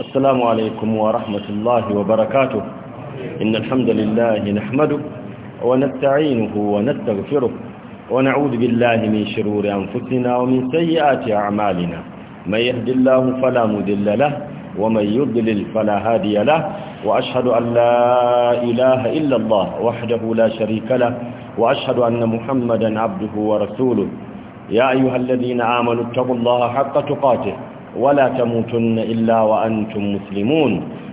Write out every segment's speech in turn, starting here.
السلام عليكم ورحمة الله وبركاته إن الحمد لله نحمده ونستعينه ونستغفره ونعوذ بالله من شرور أنفسنا ومن سيئات أعمالنا من يهد الله فلا مذل له ومن يضلل فلا هادي له وأشهد أن لا إله إلا الله وحده لا شريك له وأشهد أن محمدا عبده ورسوله يا أيها الذين آمنوا اتقوا الله حق تقاته ولا تموتن إلا وأنتم مسلمون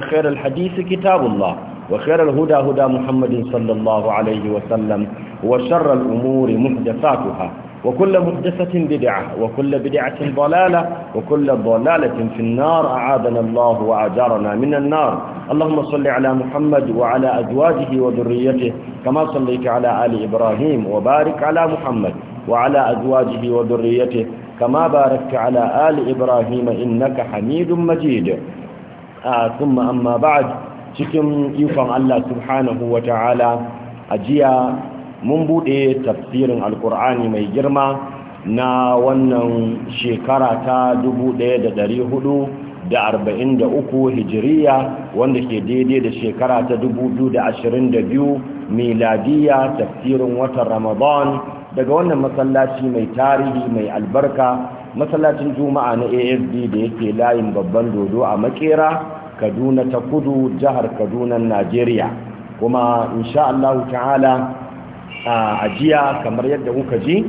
خير الحديث كتاب الله وخير الهدى هدى محمد صلى الله عليه وسلم وشر الأمور محدثاتها وكل محدثة بدعة وكل بدعة ضلالة وكل ضلالة في النار أعاذنا الله وأجارنا من النار اللهم صل على محمد وعلى أزواجه وذريته كما صليت على آل إبراهيم وبارك على محمد وعلى أزواجه وذريته كما باركت على آل إبراهيم إنك حميد مجيد thumma amma ba'a cikin ikon Allah subhanahu wata'ala ajiya mun bude tafsirin alqur'ani mai girma na wannan shekara ta 1443 hijiriya wanda ke daidai da shekara ta 2022 miladiya tafsirin watan ramadan daga wannan masallaci mai tarihi mai albarka masallacin juma'a na afd da yake layin babban dodo a makera kaduna ta kudu jihar kaduna najeriya kuma insha allahu ta'ala a jiya kamar yadda kuka ji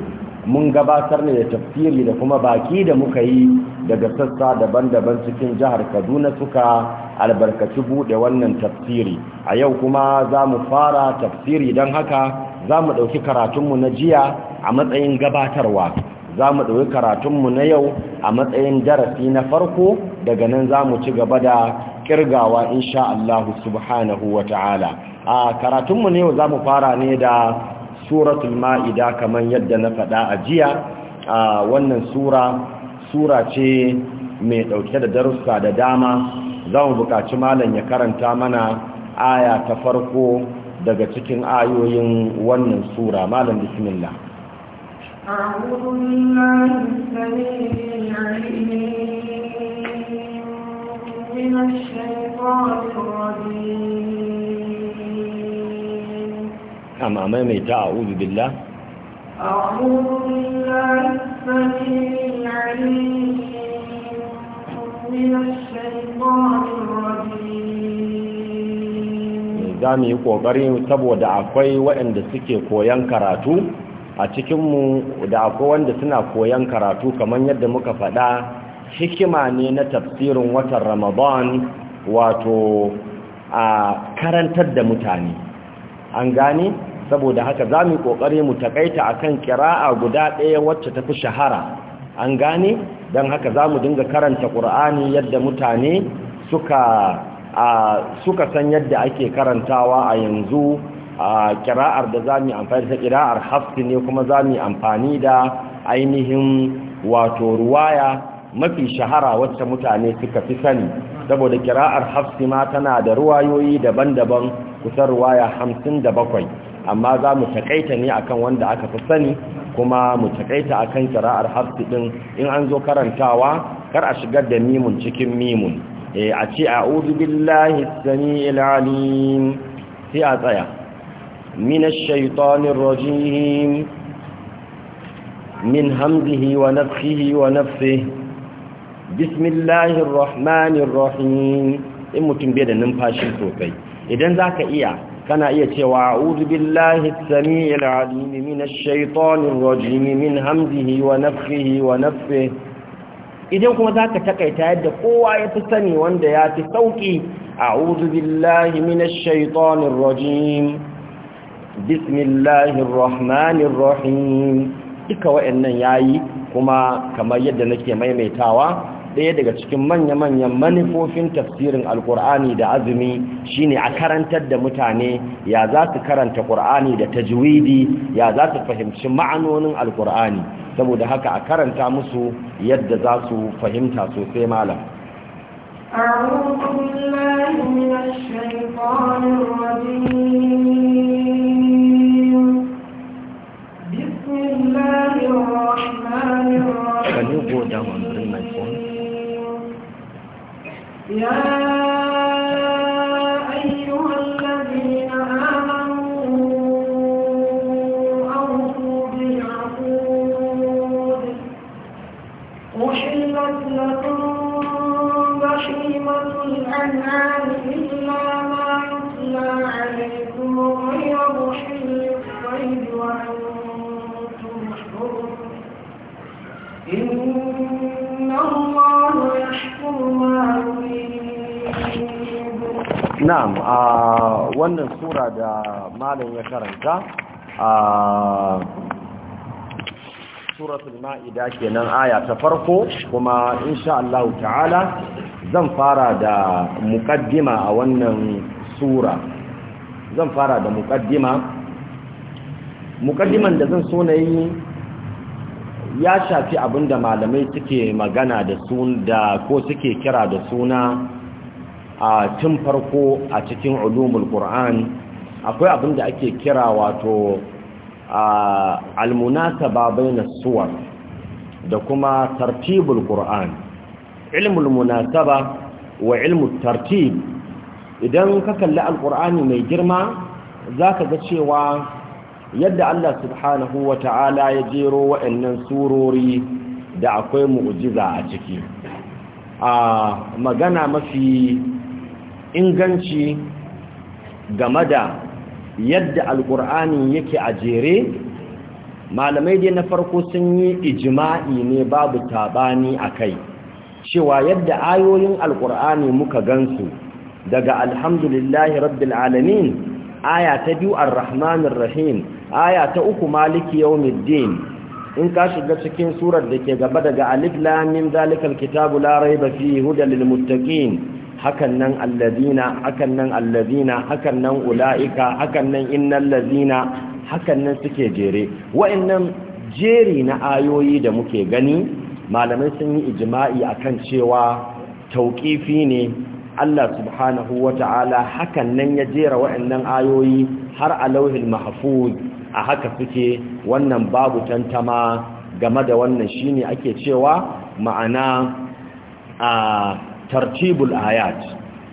mun gabatar ne da tafsiri da kuma baki da muka yi daga sassa daban-daban cikin jihar kaduna suka albarkaci buɗe wannan tafsiri a yau kuma za mu fara tafsiri don haka za mu ɗauki karatunmu na jiya a matsayin gabatarwa za mu ɗauki karatunmu na yau a matsayin darasi na farko daga nan za mu ci gaba da ƙirgawa, insha Allah subhanahu wa ta'ala a karatunmu na yau za mu fara ne da suratul ma'ida kamar yadda na faɗa a jiya a wannan sura sura ce mai ɗauke da darussa da dama za mu buƙaci malam ya karanta mana aya ta farko daga cikin ayoyin wannan sura malam bismillah أعوذ بالله كما ميت أعوذ بالله أعوذ بالله السميع العليم من الشيطان الرجيم za mu قريم ƙoƙari saboda وإن دسكي suke koyon a cikinmu da akwai wanda suna koyon karatu kamar yadda muka faɗa hikima ne na tafsirin watan ramadan wato a karantar da mutane an gane saboda haka za mu ƙoƙari mu takaita akan kira'a guda ɗaya wacce ta fi shahara an gane don haka za mu dinga karanta ƙur'ani yadda mutane suka suka san yadda ake karantawa a yanzu a kira'ar da za mu amfani da kira'ar hafsi ne kuma za mu amfani da ainihin wato ruwaya mafi shahara wacce mutane suka fi sani saboda kira'ar hafsi ma tana da ruwayoyi daban-daban kusan ruwaya hamsin da bakwai amma za mu takaita ne akan wanda aka fi sani kuma mu takaita akan kira'ar hafsi din in an zo karantawa kar a shigar da mimun cikin mimun eh, a ce a'udhu billahi Sani alim sai a tsaya من الشيطان الرجيم من همزه ونفخه ونفسه بسم الله الرحمن الرحيم in mutum bai da numfashi sosai idan ka iya kana iya cewa a'udhu billahi as-sami'il 'alim minash shaitanir min hamzihi wa nafthihi wa nafthihi idan kuma zaka taƙaita yadda kowa ya fi sani wanda ya fi sauki a'udhu bismillahir rahmanir rahim duka wayannan yayi kuma kamar yadda nake maimaitawa Daya daga cikin manya-manyan manufofin tafsirin alkur'ani da azumi shine a karantar da mutane ya za su karanta ƙur'ani da tajwidi ya za su fahimci ma'anonin alkur'ani saboda haka a karanta musu yadda za su fahimta sosai malam أعوذ بالله من الشيطان الرجيم Can you go down and bring my phone? Yeah. na'am a wannan sura da malam ya karanta a suratul ma'ida kenan aya ta farko kuma insha Allah ta'ala zan fara da muqaddima a wannan sura zan fara da muqaddima muqaddiman da zan so nayi ya shafi abinda malamai suke magana da sun da ko suke kira da suna a tun farko a cikin ulumul qur'an akwai abin da ake kira wato almunasaba bainas suwar da kuma tartibul qur'an ilmul munasaba wa ilmul tartib idan ka kalli alqur'ani mai girma zaka ga cewa yadda Allah subhanahu wata'ala ya jero wa'annan surori da akwai mu'jiza a ciki a magana mafi inganci game da yadda alkur'ani yake a jere malamai dai na farko sun yi ijima'i ne babu tabani a kai cewa yadda ayoyin alkur'ani muka gansu daga alhamdulillahi rabbil alamin aya ta biyu arrahmanir rahim aya ta uku maliki yawmiddin in ka shiga cikin surar da ke gaba daga alif lam mim zalikal kitabu la rayba fihi hudal lil muttaqin hakan nan allazina hakan nan allazina hakan nan ula'ika hakan nan innal lazina hakan nan suke jere wa'annan jeri na ayoyi da muke gani malamai sun yi ijma'i akan cewa tauqifi ne Allah subhanahu wata'ala hakan nan ya jera wa'annan ayoyi har a lauhin mahfuz a haka suke wannan babu tantama game da wannan shine ake cewa ma'ana a tartibul ayat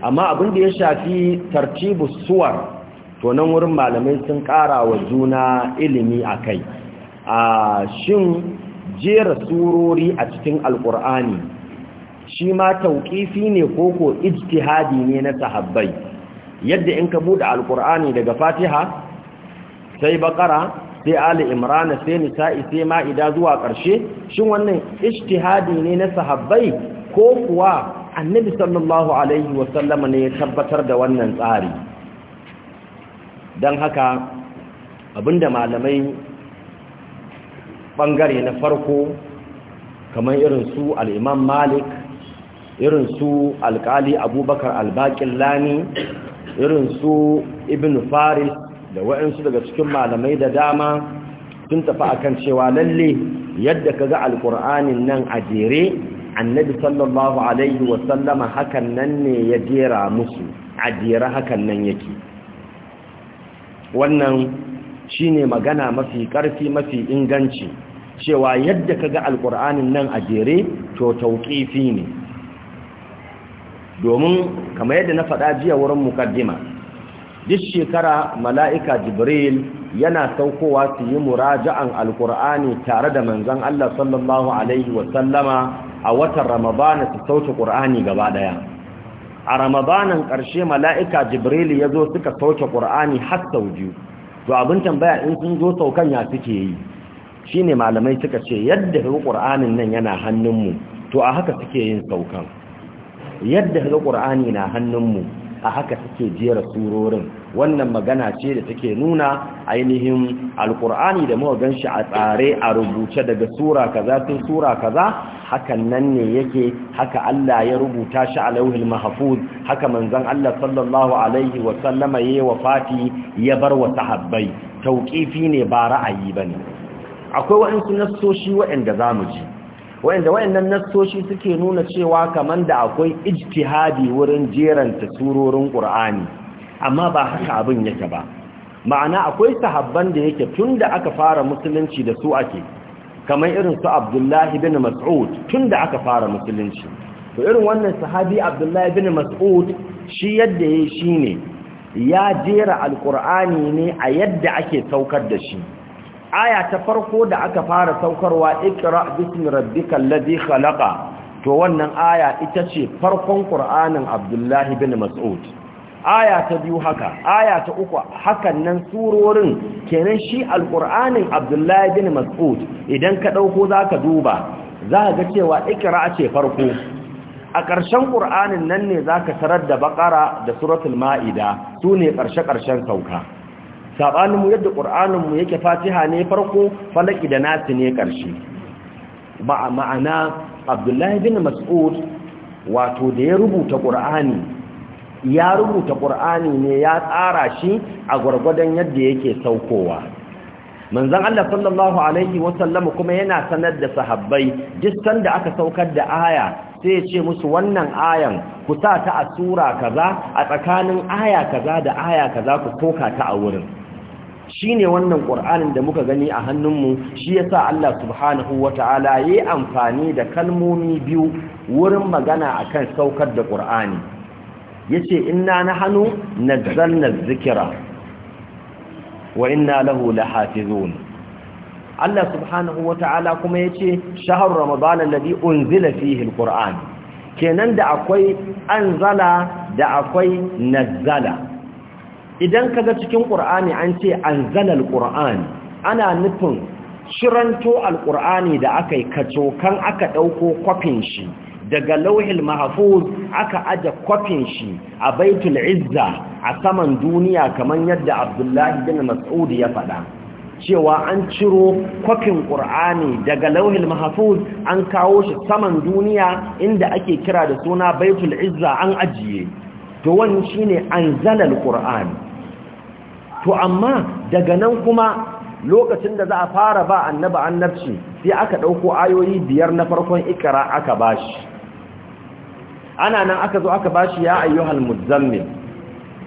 amma abin da ya shafi tartibus suwar to nan wurin malamai sun ƙara wa juna ilimi a kai a shin jera surori a cikin alƙur'ani shi ma tauƙifi ne ko ko ijtihadi ne na sahabbai yadda in ka buɗe alƙur'ani daga fatiha sai baƙara sai ali imrana sai nisa'i sai ma'ida zuwa ƙarshe shin wannan ijtihadi ne na sahabbai ko kuwa annabi sallallahu alaihi wasallama ne ya tabbatar da wannan tsari don haka abinda malamai bangare na farko kamar irin su al'imam malik irin su alkali abubakar albakin lani irin su ibn faris da waɗansu daga cikin malamai da dama sun tafi akan cewa lalle yadda ka ga alkur'anin nan a jere annabi sallallahu alaihi wasallama hakan nan ne ya jera musu a jera hakan nan yake wannan shine magana mafi ƙarfi mafi inganci cewa yadda ka ga alƙur'anin nan a jere to tauƙifi ne domin kamar yadda na faɗa jiya wurin mukaddima duk shekara mala'ika jibril yana saukowa su yi muraja'an alƙur'ani tare da manzon Allah sallallahu alaihi wasallama a watan ramadana su sauke ƙur'ani gaba ɗaya a ramadanan ƙarshe mala'ika jibrilu ya zo suka sauke ƙur'ani har sau biyu to abin tambaya in sun zo saukan ya suke yi shi ne malamai suka ce yadda ga ƙur'anin nan yana hannunmu to a haka suke yin saukan yadda ga ƙur'ani na hannunmu a haka suke jera surorin wannan magana ce da take nuna ainihin alkur'ani da muka shi a tsare a rubuce daga sura kaza sai sura kaza hakan nan ne yake haka Allah ya rubuta shi a lauhil mahfuz haka manzon Allah sallallahu alaihi wa sallama yayi wafati ya bar wa sahabbai tauqifi ne ba ra'ayi bane akwai waɗansu nassoshi waɗanda zamu ji waɗanda waɗannan nassoshi suke nuna cewa kaman da akwai ijtihadi wurin jeranta surorin Qur'ani amma ba haka abin yake ba ma'ana akwai sahabban da yake tun da aka fara musulunci da su ake kamar irin su abdullahi bin mas'ud tun da aka fara musulunci to irin wannan sahabi abdullahi bin mas'ud shi yadda ya shi ne ya jera alkur'ani ne a yadda ake saukar da shi aya ta farko da aka fara saukarwa ikra bismi rabbikal ladhi khalaqa to wannan aya ita ce farkon qur'anin abdullahi bin mas'ud aya ta biyu haka aya ta uku hakan nan surorin kenan shi alqur'anin abdullahi bin mas'ud idan ka dauko zaka duba zaka ga cewa ikra ce farko a ƙarshen ƙur'anin nan ne zaka tarar da baƙara da suratul ma'ida su ne ƙarshe-ƙarshen sauka mu yadda mu yake fatiha ne farko falaki da nasi ne ƙarshe ba ma'ana abdullahi bin mas'ud wato da ya rubuta ƙur'ani ya rubuta ƙur'ani ne ya tsara shi a gwargwadon yadda yake saukowa manzon Allah sallallahu alaihi wasallam kuma yana sanar da sahabbai duk sanda aka saukar da aya sai ya ce musu wannan ayan ku sa ta a sura kaza a tsakanin aya kaza da aya kaza ku koka ta a wurin Shi ne wannan ƙur'anin da muka gani a hannunmu shi ya sa Allah subhanahu wa ta'ala ya yi amfani da kalmomi biyu wurin magana a kan saukar da ƙur'ani yace inna hannu nazzalna adh zikira, wa inna lahu lahafizun Allah subhanahu wata'ala kuma yace shahar ramadana alladhi unzila fihi al-qur'an kenan da akwai anzala da akwai nazzala idan kaga cikin ƙur'ani an ce anzala al ana nufin shiranto al-qur'ani da aka yi kacokan aka ɗauko kwafin shi daga lauhin mahfuz aka aje kwafin shi a baitul izza a saman duniya kamar yadda abdullahi bin mas'ud ya faɗa cewa an ciro kwafin ƙur'ani daga lauhin mahfuz an kawo shi saman duniya inda ake kira da suna baitul izza an ajiye to wannan shine anzalal ƙur'ani to amma daga nan kuma lokacin da za a fara ba annaba annabci sai aka ɗauko ayoyi biyar na farkon ikara aka bashi ana nan aka zo aka bashi ya ayyuhal muzammil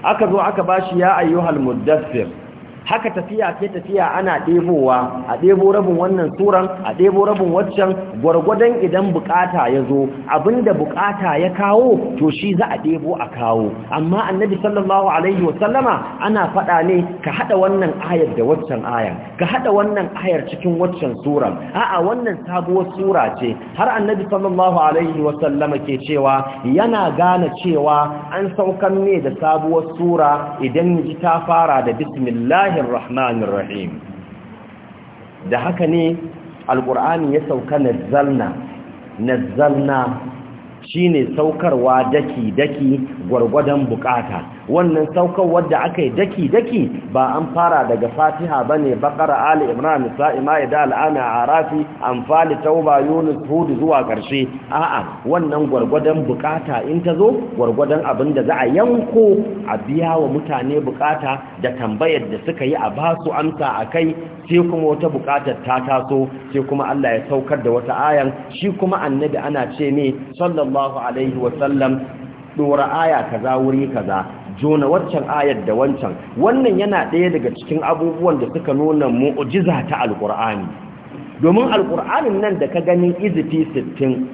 aka zo aka bashi ya ayyuhal muddathir haka tafiya ke tafiya ana ɗebowa a ɗebo rabin wannan suran a ɗebo rabin waccan gwargwadon idan bukata ya zo abinda bukata ya kawo to shi za a ɗebo a kawo amma annabi sallallahu alaihi wasallama ana faɗa ne ka haɗa wannan ayar da waccan ayar ka haɗa wannan ayar cikin waccan suran a'a wannan sabuwar sura ce har annabi sallallahu alaihi wasallama ke cewa yana gane cewa an saukan ne da sabuwar sura idan ji ta fara da bismillah bismillahir da haka ne alqur'ani ya sauka nazzalna nazzalna shine saukarwa daki-daki gwargwadon bukata wannan saukarwar da aka yi daki-daki ba an fara daga fatiha ba ne bakar ali imran nisa'i ma'ida al'ana arafi amfali tauba yunus hudu zuwa ƙarshe a'a wannan gwargwadon bukata in ta zo gwargwadon abin da za a yanko a biya wa mutane bukata da tambayar da suka yi a basu amsa a kai sai kuma wata bukatar ta taso sai kuma allah ya saukar da wata ayan shi kuma annabi ana ce ne sallallahu sallallahu alaihi wasallam dora aya kaza wuri kaza jona waccan ayar da wancan wannan yana ɗaya daga cikin abubuwan da suka nuna mu'ujiza ta alkur'ani domin alqur'anin nan da ka gani izifi sittin,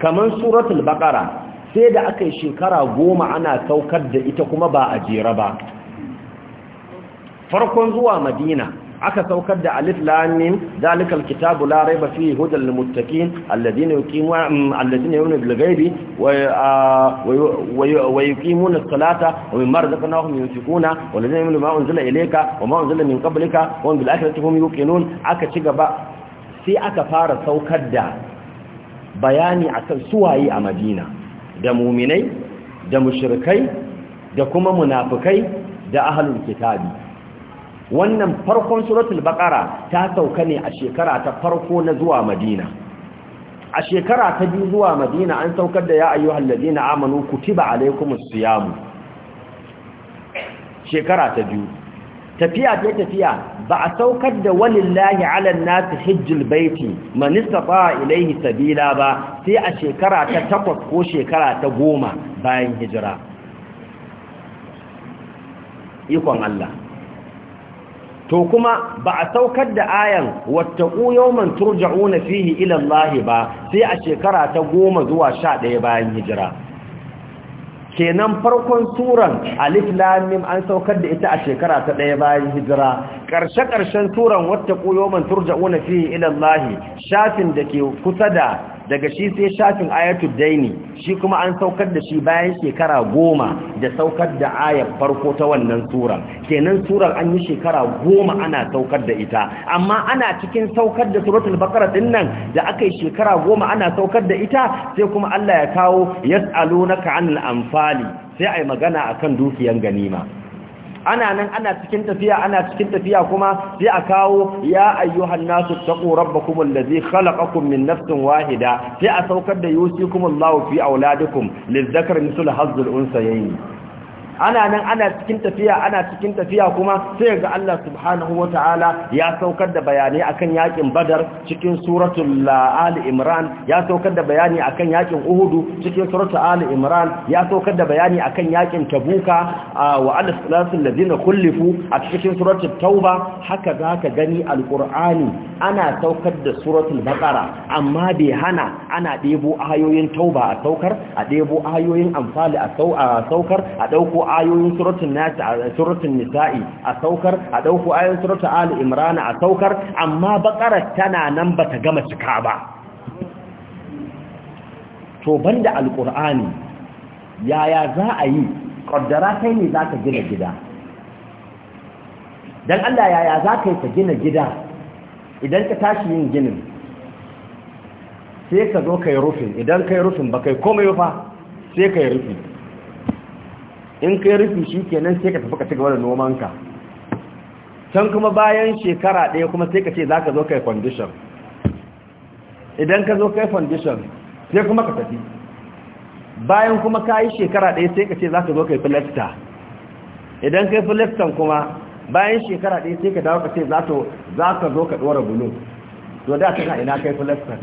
kamar suratul baqara sai da aka yi shekara goma ana saukar da ita kuma ba a jera ba farkon zuwa madina aka saukar da alif lam mim zalikal kitabu la raiba fihi hudal lil muttaqin alladhina yuqimuna mm, alladhina yu'minuna bil ghaibi uh, wa yuqimuna as-salata wa mimma razaqnahum yunfiquna walladhina yu'minuna ma unzila ilayka wa ma unzila min qablika wa bil akhirati hum yuqinun aka ci gaba sai aka fara saukar da bayani akan suwaye a Madina da mu'minai da mushrikai da kuma munafikai da ahlul kitabi wannan farkon suratul baqara ta sauka ne a shekara ta farko na zuwa madina a shekara ta biyu zuwa madina an saukar da ya ayyuhal ladina amanu kutiba alaikumus siyam shekara ta biyu tafiya ta tafiya ba a saukar da walillahi ala nasi hijjil baiti man istata ilayhi sabila ba sai a shekara ta takwas ko shekara ta goma bayan hijira ikon Allah to kuma ba a saukar da ayan wattaqu yawman turja'una fihi ilallahi ba sai a shekara ta goma zuwa sha ɗaya bayan hijira kenan farkon suran alif lam an saukar da ita a shekara ta ɗaya bayan hijira ƙarshe-ƙarshen turan suran wattaqu yawman turja'una fihi ilallahi shafin shafin ke kusa da daga shi sai shafin ayatul daini shi kuma an saukar da shi bayan shekara goma da saukar da ayar farko ta wannan surar kenan surar an yi shekara goma ana saukar da ita amma ana cikin saukar da suratul bakara din nan da aka yi shekara goma ana saukar da ita sai kuma Allah ya kawo yas'alunaka anil amfali sai ai magana akan dukiyan ganima ana nan ana cikin tafiya ana cikin tafiya kuma sai a kawo ya ayyuhan nasu taqu rabbakum allazi khalaqakum min nafsin wahida sai a saukar da yusikumullahu fi auladikum lizzakar mithl hazzul unsayayn ana nan ana cikin tafiya ana cikin tafiya kuma sai ga Allah subhanahu wataala ya saukar da bayanai akan yakin Badar cikin suratul uh, Ali Imran ya saukar da bayani akan yakin Uhud cikin suratul Ali Imran ya saukar da bayani akan yakin Tabuka uh, wa al-salatul ladina kullifu a cikin suratul Tauba haka zaka gani alqur'ani ana saukar da suratul Baqara amma bai hana ana debo ayoyin Tauba a saukar a debo ayoyin Anfal a saukar a dauko ayoyin suratul a suratul nisa'i a saukar a dauko ayoyin suratul ali imran a saukar amma bakara tana nan bata gama cika ba to banda alqur'ani yaya za a yi kaddara kai ne zaka gina gida dan Allah yaya zaka yi ka gina gida idan ka tashi yin ginin sai ka zo kai rufin idan kai rufin ba kai komai ba sai kai rufin in kai rufi shi kenan sai ka tafi ka cigaba da nomanka can kuma bayan shekara ɗaya kuma sai ka ce za ka zo kai foundation idan ka zo kai foundation sai kuma ka tafi bayan kuma ka yi shekara ɗaya sai ka ce za ka zo kai filasta idan kai filastan kuma bayan shekara ɗaya sai ka dawo ka ce za ka zo ka ɗora bulu to da ta ina kai filastan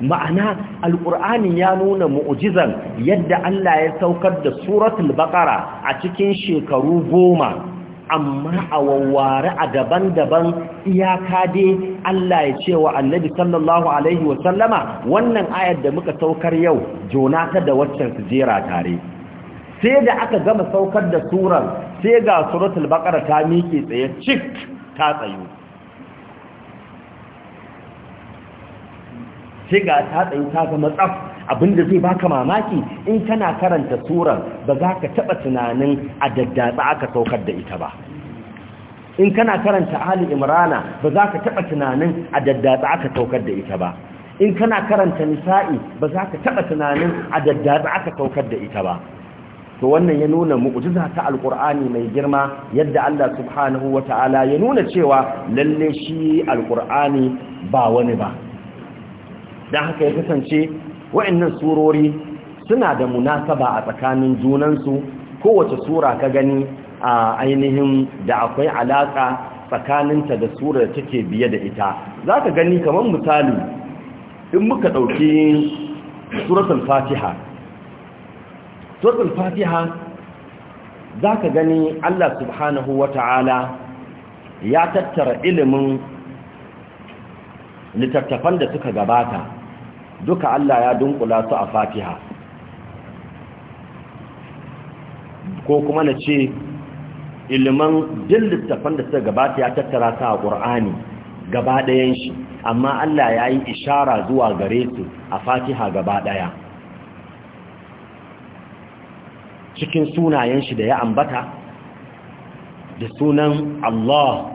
ma'ana alƙur'ani ya nuna mu'ujizan yadda Allah ya saukar da suratul baqara a cikin shekaru goma amma a wawware a daban-daban iyaka dai Allah ya ce wa annabi sallallahu alaihi wa sallama wannan ayar da muka saukar yau ta da waccan su jera tare sai da aka gama saukar da surar sai ga suratul baqara ta miƙe tsaye cik ta tsayo sai ga ta tsayi ta zama tsaf abinda zai baka mamaki in kana karanta suran, ba za ka taba tunanin a daddatsa aka saukar da ita ba in kana karanta ali imrana ba za ka taba tunanin a daddatsa aka saukar da ita ba in kana karanta nisa'i ba za ka taɓa tunanin a daddatsa aka saukar da ita ba to wannan ya nuna mu'jiza ta alqur'ani mai girma yadda Allah subhanahu wataala ya nuna cewa lalle shi alqur'ani ba wani ba don haka ya kasance wa'annan surori suna da munasaba a tsakanin junansu kowace sura ka gani a ainihin da akwai alaka tsakaninta da sura da take biye da ita za ka gani kamar misali in muka ɗauki suratun fatiha suratun fatiha za ka gani allah subhanahu wa ta'ala ya tattara ilimin littattafan da suka gabata duka Allah ya dunkula su a fatiha ko kuma na ce ilman jin littafan da suka gabata ya tattara su a ƙur'ani gabaɗayan shi amma Allah ya yi ishara zuwa gare su a fatiha gabaɗaya cikin sunayen shi da ya ambata da sunan Allah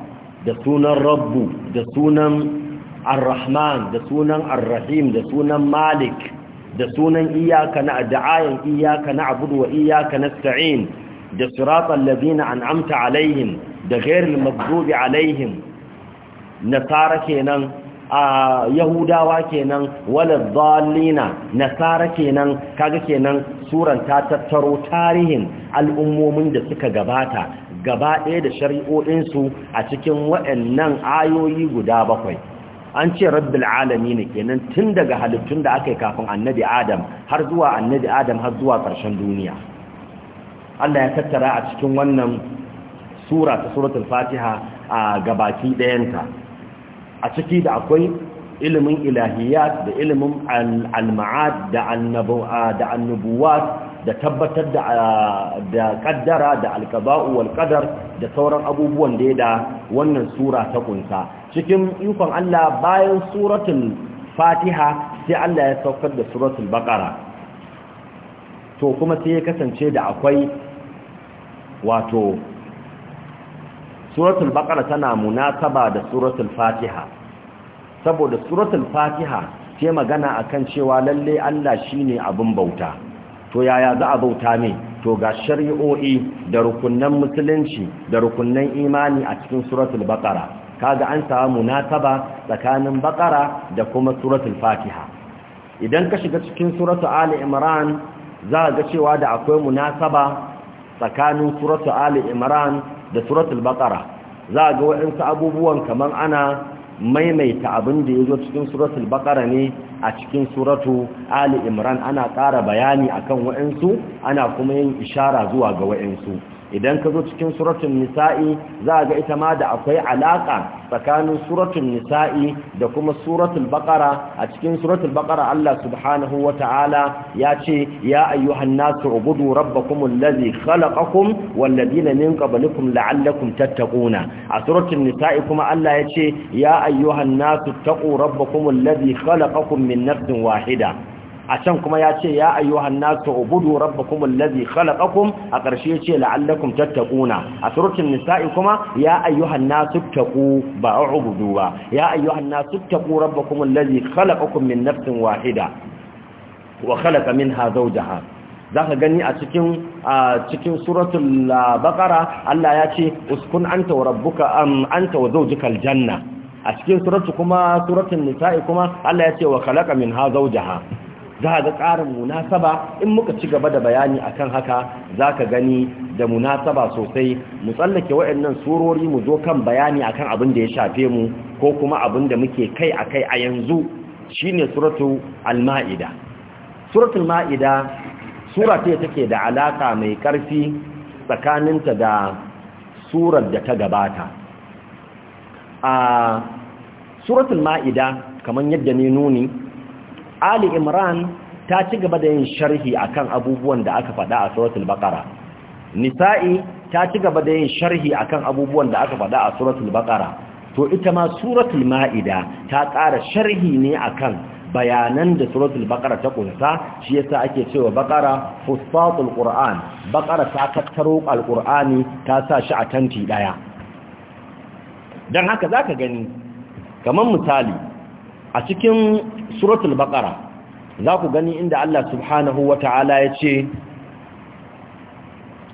da sunan Rabbu da sunan ar-rahman da sunan ar-rahim da sunan malik da sunan iyaka na da'ayan iyaka na abudu wa iyaka nasta'in da siratan lazina an'amta alaihim da ghairil maghdubi alaihim nasara kenan a yahudawa kenan wala dhallina nasara kenan kaga kenan suran ta tattaro tarihin al'ummomin da suka gabata gaba ɗaya da shari'o'insu a cikin waɗannan ayoyi guda bakwai an ce rabbil alami ne kenan tun daga halittun da aka yi kafin annabi adam har zuwa annabi adam har zuwa ƙarshen duniya Allah ya tattara a cikin wannan sura ta suratul fatiha a gabaki ɗayanta a ciki da akwai ilimin ilahiyat da ilimin al-ma'ad da annabuwat da tabbatar da kaddara da alkaba'u wal qadar da sauran abubuwan da ya wannan sura ta kunsa cikin ikon Allah bayan suratun fatiha sai Allah ya saukar da suratul Baƙara, to kuma sai ya kasance da akwai wato suratul Baƙara tana munasaba da suratul fatiha saboda suratul fatiha ce magana akan cewa lalle Allah shine abin bauta to yaya za a bauta ne to ga shari'o'i da rukunnan musulunci da rukunnan imani a cikin suratul baqara kaga an samu munasaba tsakanin bakara da kuma suratul fatiha idan ka shiga cikin suratul ali imran za ga cewa da akwai munasaba tsakanin suratul ali imran da suratul bakara za ga waɗansu abubuwan kamar ana maimaita abin da ya zo cikin suratul bakara ne a cikin suratu ali imran ana ƙara bayani akan waɗansu ana kuma yin ishara zuwa ga waɗansu idan ka zo cikin suratun nisa'i za ga ita ma da akwai alaƙa tsakanin suratun nisa'i da kuma suratul baƙara, a cikin suratul baƙara, Allah subhanahu wata'ala ya ce ya ayyuhan nasu ubudu rabbakumul ladzi khalaqakum wal ladina min qablikum la'allakum tattaquna a suratun nisa'i kuma Allah ya ce ya ayyuhan nasu taqu rabbakumul ladzi khalaqakum min nafsin wahida a can kuma ya ce ya ayyuhan nasu ubudu rabbakum allazi khalaqakum a ƙarshe ya ce la'allakum tattaquna a suratul nisa'i kuma ya ayyuhan nasu taqu ba ubudu ba ya ayyuhan nasu taqu rabbakum allazi khalaqakum min nafsin wahida wa khalaqa minha zawjaha zaka gani a cikin cikin suratul baqara Allah ya ce uskun anta wa rabbuka am anta wa zawjuka aljanna a cikin suratu kuma suratul nisa'i kuma Allah ya ce wa khalaqa minha zawjaha za ga ƙarin munasaba in muka ci gaba da bayani akan haka za ka gani da munasaba sosai mu tsallake waɗannan surori mu zo kan bayani akan abin da ya shafe mu ko kuma abin da muke kai a kai a yanzu shine suratu alma'ida. maida suratul ma'ida sura ce take da alaƙa mai ƙarfi tsakaninta da surar da ta gabata a suratul ma'ida kamar yadda ne nuni ali imran ta ci gaba da yin sharhi akan abubuwan da aka faɗa a suratul baqara nisa'i ta ci gaba da yin sharhi akan abubuwan da aka faɗa a suratul baqara to ita ma suratul ma'ida ta ƙara sharhi ne akan bayanan da suratul baqara ta kunsa shi yasa ake cewa baqara fustatul qur'an baqara ta tattaro alqur'ani ta sa shi a tanti daya dan haka zaka gani kaman misali a cikin suratul baqara za ku gani inda Allah subhanahu wa ta'ala ya ce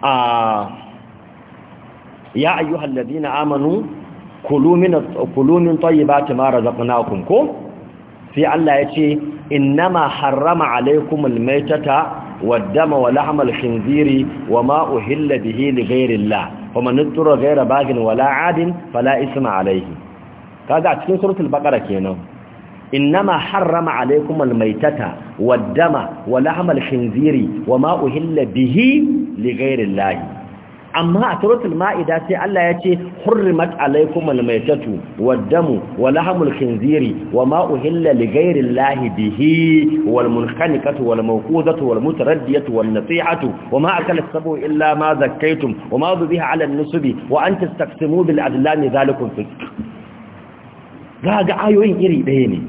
a ya ayyuhal ladina amanu kulumin min kulu min tayyibati ma razaqnakum ko sai Allah ya ce innama harrama alaykumul maytata wad-dama wa lahmal khinziri ma uhilla bihi li ghayrillah faman ittara ghayra baghin wala 'adin fala isma alayhi kaga a cikin suratul baqara kenan إنما حرم عليكم الميتة والدم ولحم الخنزير وما أهل به لغير الله أما أترة المائدة الله يتي حرمت عليكم الميتة والدم ولحم الخنزير وما أهل لغير الله به والمنخنقة والموقوذة والمتردية والنطيعة وما أكل السبع إلا ما ذكيتم وما ذبه على النسب وأن تستقسموا بالأدلان ذلك فسق ga ga ayoyin iri ɗaya ne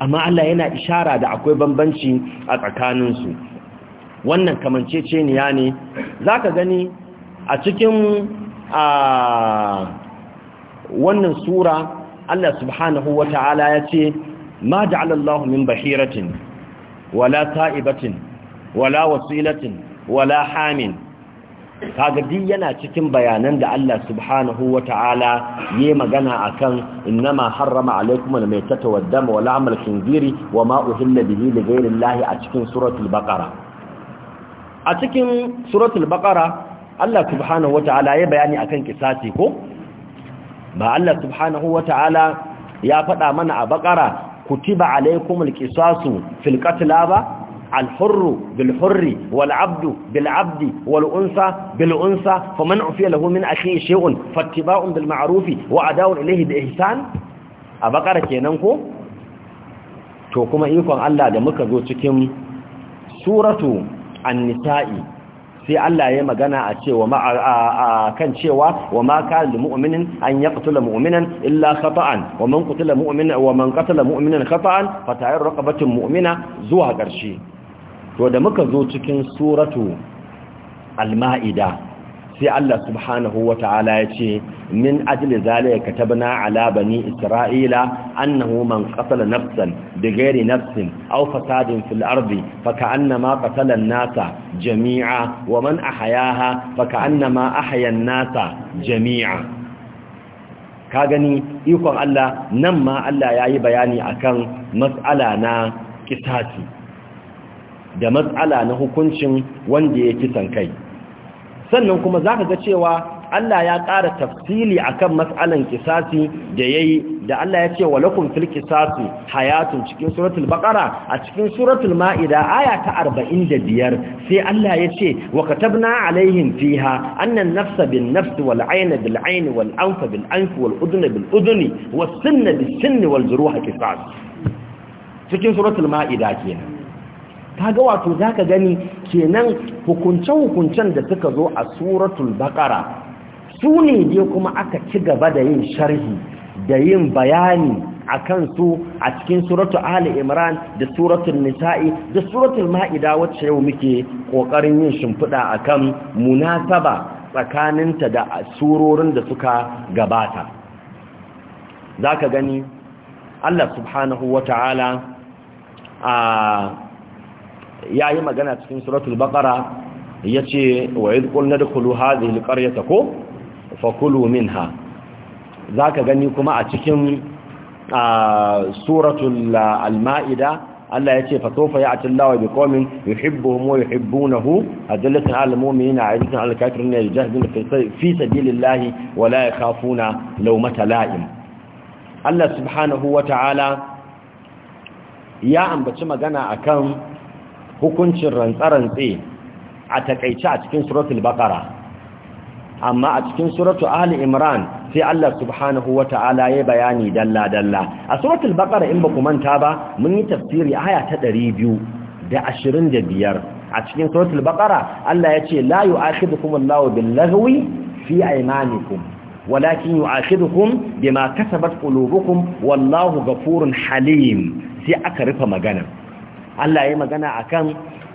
amma Allah yana ishara da akwai bambanci a tsakaninsu wannan kamanceceniya ne za ka gani a cikin wannan sura Allah subhanahu wa ta'ala ya ce ma ja'alallahu min bahiratin wala ta'ibatin wala wasilatin wala hamin kaga yana cikin bayanan da Allah subhanahu wata'ala yayi magana akan innama harrama alaikum almaytata waddama wal amal khinziri ma uhilla bihi lighayri llahi a cikin suratul baqara a cikin suratul baqara Allah subhanahu wata'ala yayi bayani akan kisasi ko ba Allah subhanahu wata'ala ya faɗa mana a baqara kutiba alaikumul qisasu fil qatl ba الحر بالحر والعبد بالعبد والأنثى بالأنثى فمن عفي له من أخيه شيء فاتباع بالمعروف وأداء إليه بإحسان أبقر كينانكو توكما إيقوان الله دمك ذوتكم سورة النساء sai Allah ya magana a cewa kan cewa wa ma kana mu'minin an yaqtula mu'minan illa khata'an wa man qutila mu'mina wa man qatala mu'minan khata'an fa ta'ir mu'mina zuwa ƙarshe to da muka zo cikin suratu al-ma'ida sai Allah subhanahu ta'ala ya ce min ajli zalika katabna ala bani isra'ila annahu man qatala nafsan bighairi nafsin aw fasadin fil ardi qatala an-nasa jami'a wa man ahyaha faka'annama ahya an-nasa jami'a ka gani ikon Allah nan ma Allah yayi bayani akan mas'ala na kisati da matsala na hukuncin wanda ya kisan kai sannan kuma za ka ga cewa Allah ya ƙara tafsili kan matsalan kisasi da yayi da Allah ya ce wa lakum fil kisasi hayatun cikin suratul baqara a cikin suratul maida aya ta arba'in da biyar sai Allah ya ce wa katabna alaihin fiha anna an-nafsa bin-nafs wal aina bil aini. wal-anfa bil-anfi wal-udhna bil-udhni was-sinna bis-sinni wal-juruha qisas cikin suratul maida kenan kaga wato zaka gani kenan hukuncen hukuncen da suka zo a suratul baqara su ne dai kuma aka ci gaba da yin sharhi da yin bayani akan su a cikin suratul ali imran da suratul nisa'i da suratul ma'ida wacce yau muke kokarin yin shimfiɗa akan munasaba tsakaninta da surorin da suka gabata zaka gani Allah subhanahu wata'ala a ya yi magana cikin suratul baqara ya ce wa yi ƙulnar kulu hazi ta ko fakulu min ha za ka gani kuma a cikin suratul al-ma'ida Allah ya ce fasofa ya atin lawa bi komin yuhibbuhum wa yuhibbunahu ajallatin al-mu'minina ajallatin al-kafirin ya fi sabilillahi wa la yakhafuna lawmata la'im Allah subhanahu wa ta'ala ya ambaci magana akan hukuncin rantsarantse a takaice a cikin suratul baqara amma a cikin suratul ali imran sai Allah subhanahu wata'ala ya bayani dalla dalla a suratul baqara in ba ku manta ba mun yi tafsiri aya ta 225 a cikin suratul baqara Allah ya ce la yu'akhidukum Allahu bil laghwi fi aymanikum walakin yu'akhidukum bima kasabat qulubukum wallahu ghafurun halim sai aka rufe magana Allah ya magana akan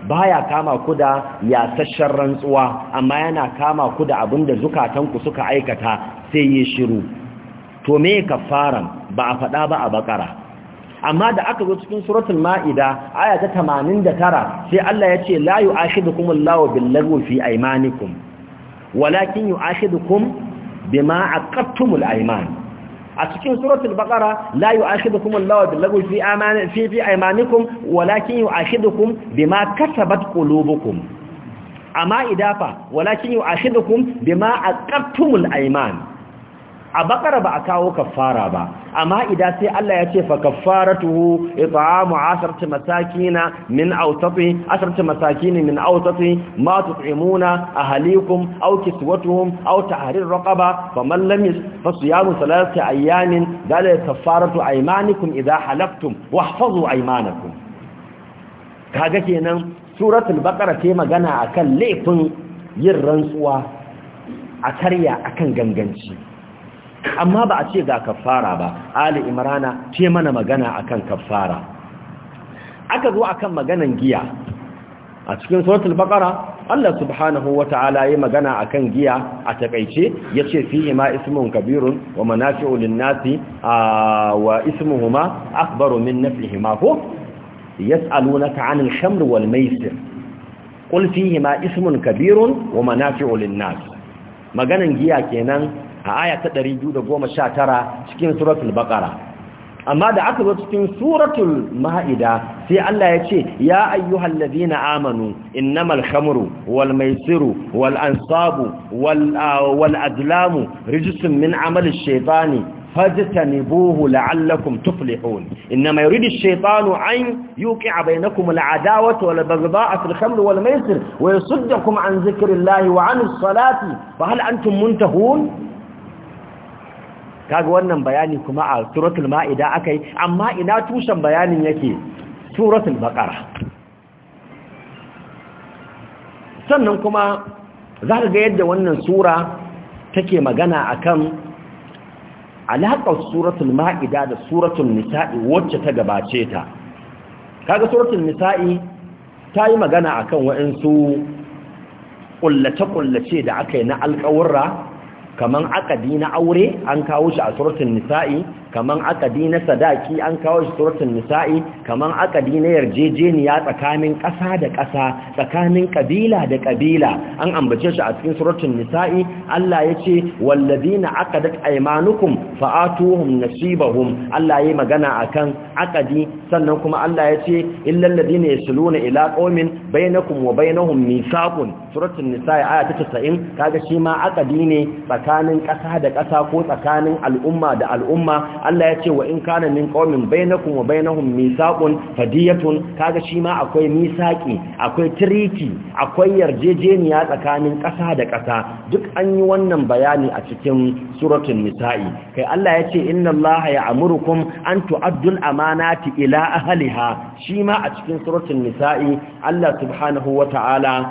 baya kama ku da yasasshen rantsuwa amma yana kama ku da abinda zukatanku suka aikata sai yi shiru to me kafaran ba a faɗa ba a bakara amma da aka zo cikin suratul ma'ida aya ta 89 sai Allah ya ce la yu'ashidukumullahu billahu fi aymanikum walakin yu'ashidukum bima aqattumul ayman a cikin suratul baqara la yu'ashidukum Allahu bil lagwi fi amani fi fi aymanikum walakin yu'ashidukum bima kasabat qulubukum amma idafa walakin yu'ashidukum bima aqattumul ayman a bakara ba a kawo kaffara ba amma idan sai Allah ya ce fa kaffaratuhu it'amu 10 masakina min awsati 10 masakin min awsati ma tut'imuna ahlikum aw kiswatuhum aw tahrir raqaba faman lam fasiyamu thalathati ayamin dalika kaffaratu aymanikum idha halaftum wahfazu aymanakum kaga kenan suratul baqara ce magana akan laifin yin rantsuwa a karya akan ganganci amma ba a ce ga kafara ba ali imrana ce mana magana akan kafara aka zo akan maganan giya a cikin suratul baqara Allah subhanahu wata'ala yayi magana akan giya a takeice yace fihi ma ismun kabirun wa manafi'u lin-nasi wa ismuhuma akbaru min naf'ihima hu yas'alunaka 'anil khamri wal maisir qul fihi ma ismun kabirun wa manafi'u lin nasi maganan giya kenan a aya ta ɗari biyu da goma sha tara cikin suratul baqara amma da aka zo cikin suratul ma'ida sai Allah ya ce ya ayyuhal ladina amanu innamal khamru wal maisiru wal ansabu wal wal adlamu rijsun min amali shaytani fajtanibuhu la'allakum tuflihun inma yuridu ash-shaytanu an yuqi'a bainakum al'adawata wal baghdha'a fil khamri wal maisir wa kuma an dhikrillahi wa 'anis salati fa hal antum muntahun kaga wannan bayani kuma a suratul ma'ida akai amma ina tushen bayanin yake suratul baqara sannan kuma za ka ga yadda wannan sura take magana akan alaƙar suratul ma'ida da suratul nisa'i wacce ta gabace ta kaga suratul nisa'i ta yi magana akan waɗansu ƙullace-ƙullace da aka yi na alƙawurra kaman akadi na aure an kawo shi a suratul nisa'i kaman akadi na sadaki an kawo shi suratul nisa'i kaman akadi na yarjejeniya tsakanin ƙasa da ƙasa tsakanin kabila da kabila an ambace shi a cikin suratul nisa'i Allah yace walladina aqadat aymanukum fa'atuhum nasibahum Allah yayi magana akan akadi sannan kuma Allah yace illal ladina yasluna ila qaumin bainakum wa bainahum mithaqun suratul nisa'i aya ta 90 kaga shi ma akadi ne tsakanin ƙasa da ƙasa ko tsakanin al'umma da al'umma Allah ya ce wa in kana min qaumin bainakum wa bainahum mithaqun fadiyatun kaga shi ma akwai misaki akwai treaty akwai yarjejeniya tsakanin ƙasa da ƙasa duk an yi wannan bayani a cikin suratul nisa'i kai Allah ya ce inna Allah ya'murukum an tu'addul amanati ila ahliha shi ma a cikin suratul nisa'i Allah subhanahu wata'ala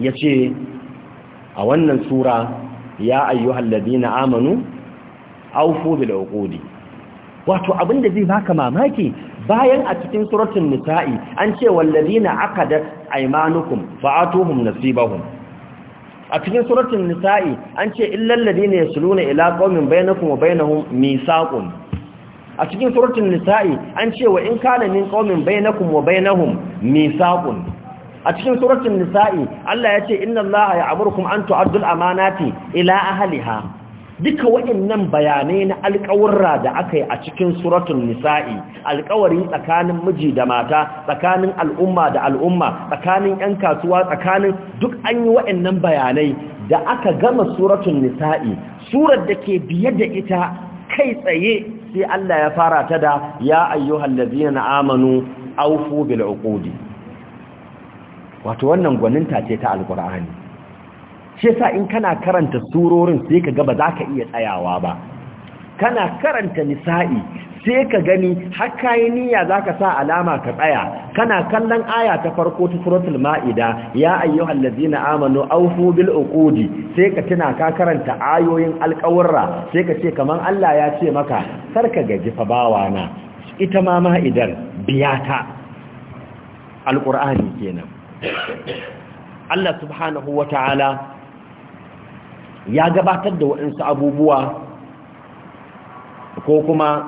yace a wannan sura ya ayyuhal ladina amanu aufu bil uqudi wato abinda zai baka mamaki bayan a cikin suratul nisa'i an ce aka aqadat aymanukum fa'atuhum nasibahum a cikin suratul nisa'i an ce illal ladina yasluna ila qaumin bainakum wa bainahum misaqun a cikin suratul nisa'i an ce wa in kana min qaumin bainakum wa bainahum misaqun a cikin suratul nisa'i Allah ya ce innallaha ya ya'murukum an tu'addu al-amanati ila ahliha duka waɗannan bayanai na alƙawarra da aka yi a cikin suratun nisa'i alƙawari tsakanin miji da mata tsakanin al'umma da al'umma tsakanin 'yan kasuwa tsakanin duk an yi waɗannan bayanai da aka gama suratun nisa'i surar da ke biye da ita kai tsaye sai Allah ya fara ta da ya ayyuhal ladzina amanu awfu bil uqudi wato wannan gwaninta ce ta alqur'ani shi yasa in kana karanta surorin sai ka ga ba za ka iya tsayawa ba kana karanta nisa'i sai ka gani har kayi niyya za ka sa alama ka tsaya kana kallon aya ta farko ta suratul maida ya ayyuhal ladzina amanu awfu bil uqudi sai ka tuna ka karanta ayoyin alƙawarra sai ka ce kaman Allah ya ce maka kar ka gaji fa bawana ita ma ma'idar ta. alqur'ani kenan Allah subhanahu ta'ala. ya gabatar da waɗansu abubuwa ko kuma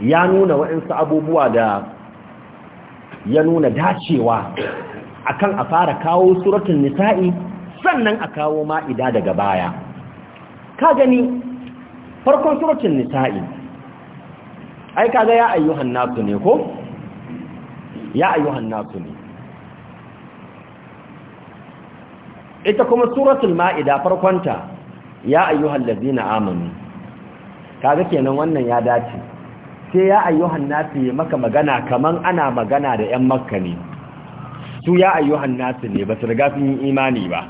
ya nuna waɗansu abubuwa da ya nuna dacewa akan a fara kawo suratun nisa'i sannan a kawo ma'ida daga baya ka gani farkon suratun nisa'i ai kaga ya ayyuhan nasu ne ko ya ayyuhan nasu ne ita kuma suratul ma'ida farkonta ya ayyuhal ladina amanu kaga kenan wannan ya dace sai ya ayyuhan nasu maka magana kaman ana magana da ƴan makka ne su ya ayyuhan nasu ne ba su riga sun yi imani ba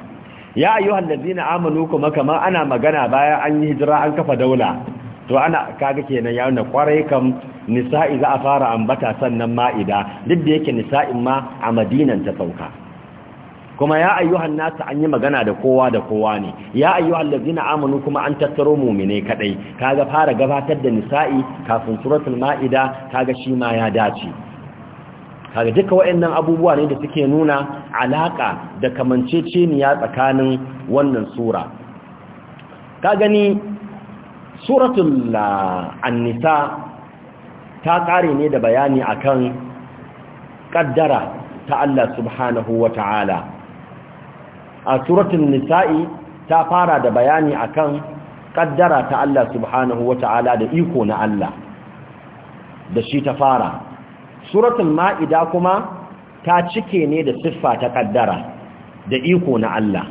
ya ayyuhan ladina amanu kuma kaman ana magana bayan an yi hijira an kafa daula to ana kaga kenan ya nuna kwarai kam nisa'i za a fara ambata sannan ma'ida duk da yake nisa'in ma a madinan ta sauka kuma ya ayyuhan nasu an yi magana da kowa da kowa ne ya ayyuhan lazina amanu kuma an tattaro mumine kadai kaga fara gabatar da nisa'i kafin suratul ma'ida kaga shi ma ya dace kaga duka waɗannan abubuwa ne da suke nuna alaka da kamanceceniya tsakanin wannan sura ka gani suratul ah, annisa ta kare ne da bayani akan kaddara ta Allah subhanahu wa ta'ala a suratul nisa'i ta fara da bayani akan kaddara ta Allah subhanahu wata'ala da iko na Allah da shi ta fara suratul ma'ida kuma ta cike ne da siffa ta kaddara da iko na Allah